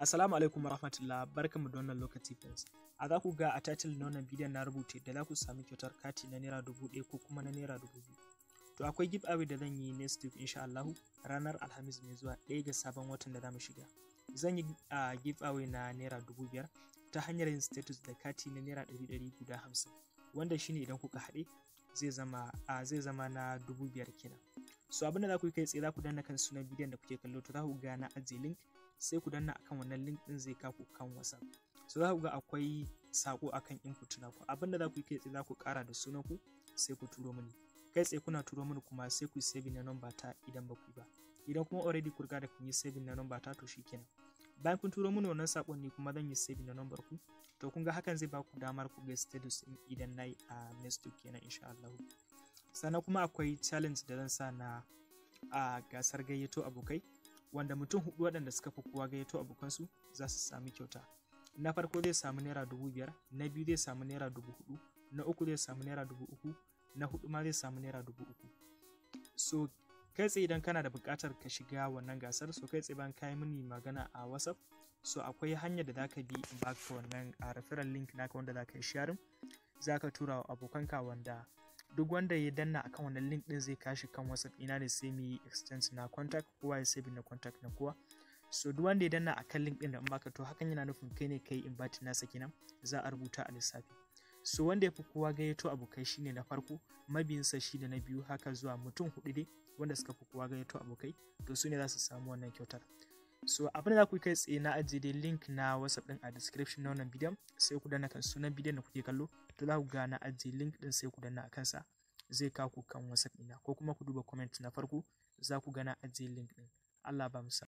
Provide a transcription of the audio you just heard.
Assalamu alaikum warahmatullah barkamu da wannan lokaci friends. A za ku ga a title na wannan bidiyon na rubuta da za ku sami kyautar kati na naira dubu ɗaya ko kuma na naira dubu biyu. To akwai giveaway da zan yi next week insha Allah ranar Alhamis mai zuwa ɗaya ga sabon watan da za mu shiga. Zan yi a giveaway na naira dubu biyar ta hanyar yin status da kati na naira ɗari ɗari guda hamsin wanda shine idan kuka haɗe zai zama zai zama na dubu biyar kenan. so abinda za ku yi kai tsaye za ku danna kan sunan bidiyon da kuke kallo to za ku ga na ajiye link sai ku danna akan wannan link din zai kaku kan whatsapp so za ku ga akwai sako akan input naku ku abinda za ku yi kai tsaye za ku kara da sunan ku sai ku turo mini kai tsaye kuna turo mini kuma sai ku save na number ta idan ba ku yi ba idan kuma already ku riga da kun yi save na number ta to shikenan bayan kun turo mini wannan sakon ne kuma zan yi save na number ku to kun ga hakan zai ba ku damar ku ga status idan nayi a next week kenan insha Allah sannan kuma akwai challenge da zan sa na a gasar gayyato abokai wanda mutum hudu waɗanda suka fi kowa gayyato abokansu za su sami kyauta na farko zai samu naira dubu biyar na biyu zai samu naira dubu hudu na uku zai samu naira dubu uku na hudu ma zai samu naira dubu uku so kai tsaye idan kana da buƙatar ka shiga wannan gasar so kai tsaye bayan kayi mini magana a whatsapp so akwai hanyar da zaka bi in baka wannan a referral link naka wanda zaka yi sharing zaka tura abokanka wanda duk wanda ya danna akan wannan link din zai kashi kan whatsapp ina da sai mu yi na contact kowa ya sai na contact na kowa so duk wanda ya danna akan link din da in baka to hakan yana nufin kai ne kai invite nasa kenan za a rubuta a lissafi so wanda ya fi kowa gayyato abokai shine na farko mabiyinsa shi da na biyu haka zuwa mutum hudu dai wanda suka fi kowa gayyato abokai to su ne za su samu wannan kyautar so abin da za ku kai tsaye na ajiye dai link na whatsapp din a description na wannan bidiyon sai ku danna kan sunan bidiyon da kuke kallo to za ku ga na ajiye link din sai ku danna a kansa zai kawo ku kan whatsapp ina ko kuma ku duba comment na farko za ku ga na ajiye link din Allah ba mu